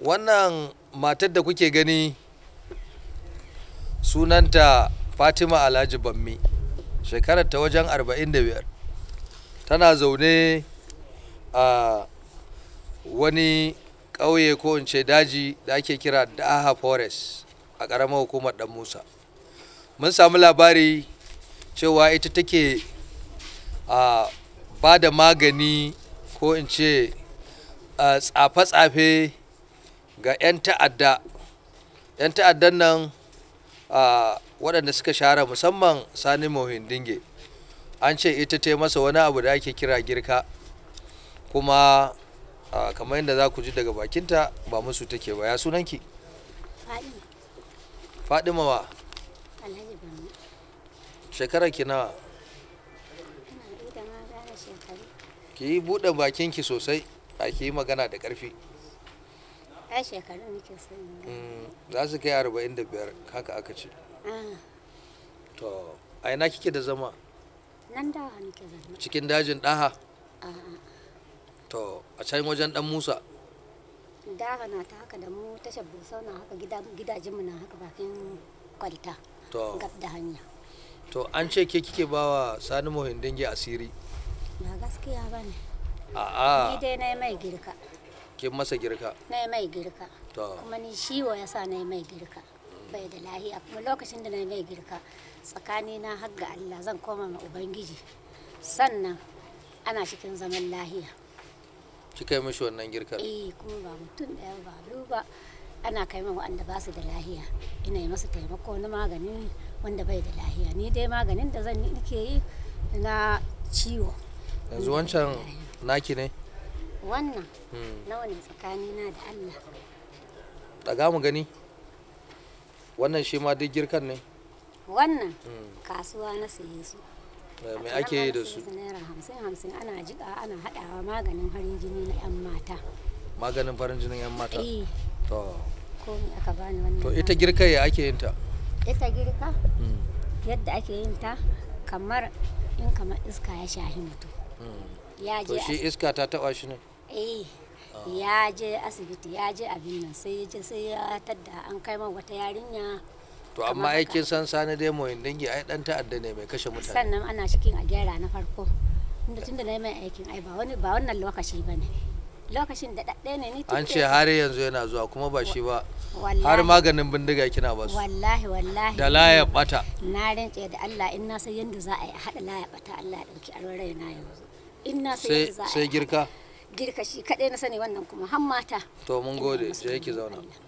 wannan matar da kuke gani sunanta fatima alhaji bammi shekarar ta wajen 45 tana zaune a wani ƙauye ko in ce daji da ake kira daha forest a ƙaramar hukumar dan musa mun samu labari cewa ita take a ba da magani ko in ce tsafe-tsafe ga 'yan ta'adda 'yan ta'addan nan waɗanda suka shahara musamman sani dinge an ce ita ta masa wani abu da ake kira girka kuma kamar yadda za ku ji daga bakinta ba musu take ba ya sunanki fadima wa shekarar ki nawa ki yi buɗe bakinki sosai a ki yi magana da ƙarfi ya shekaru nake mm, za su kai arba'in da biyar haka aka ce ah. to a ina kike da zama nan daha nake zama cikin dajin daha ah. to a can wajen dan musa daha na ta haka da mu na haka gidajenmu na haka bakin kwalta gab da hanya to an ce ke kike bawa sani muhindin asiri ba gaskiya ba a'a ni dai na mai girka kin masa girka na mai girka kuma ni shiwo yasa sa na mai girka bai da lahiya kuma lokacin da na mai girka tsakani na har ga Allah zan koma ma ubangiji sannan ana cikin zaman lahiya kika yi mishi wannan girka eh kuma ba mutum ɗaya ba ba ana kai ma wanda ba su da lahiya ina yi masa taimako na magani wanda bai da lahiya ni dai maganin da zan yi nake yi na ciwo yanzu wancan naki ne wannan nawa hmm. ne tsakanina da Allah daga mu gani wannan shi ma duk girkan ne wannan hmm. kasuwa na saye su eh, Mai ake yi da su naira hamsin hamsin ana jiƙa ana haɗawa maganin farin jini na yan mata maganin farin jinin yan mata eh. to ko aka bani wannan to ita girka ya ake yin ta ita girka hmm. yadda ake yin ta kamar in kamar iska ya shahi mutum ya je shi iska ta taɓa shi ne eh ya je asibiti ya je abin nan sai ya je sai ya tadda an kai man wata yarinya to amma ai kin san sani dai mu dangi ai dan ta'adda ne mai kashe mutane sannan ana cikin a gyara na farko inda tunda na mai aikin ai ba wani ba wannan lokaci bane lokacin da ɗaɗɗe ne ni an ce har yanzu yana zuwa kuma ba shi ba har maganin bindiga kina ba su wallahi wallahi da laya bata na rince da Allah in na san yanda za a yi hada haɗa laya bata Allah ya dauki alwarai na yanzu in na san yanda za a sai girka girka shi kaɗai na sani wannan kuma har mata to mun gode je ki zauna